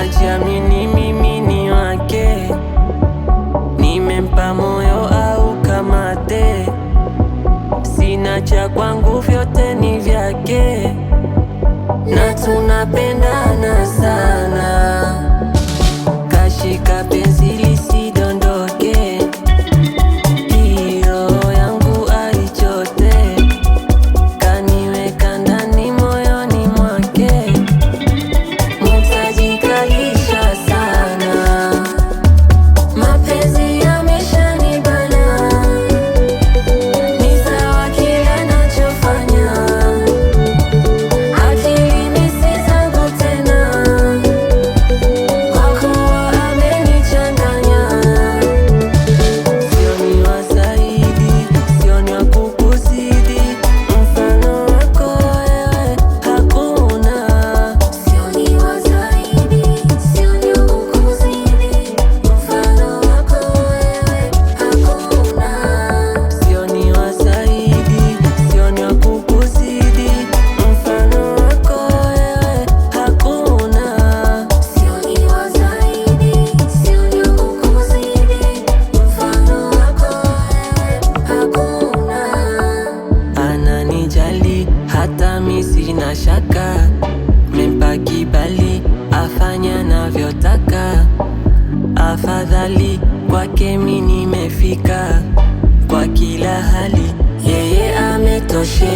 Hajiamini mimi ni wake, nimempa moyo au kamate, sina cha kwangu, vyote ni vyake na tunapendana sana. afadhali kwake mi nimefika, kwa kila hali yeye ametoshe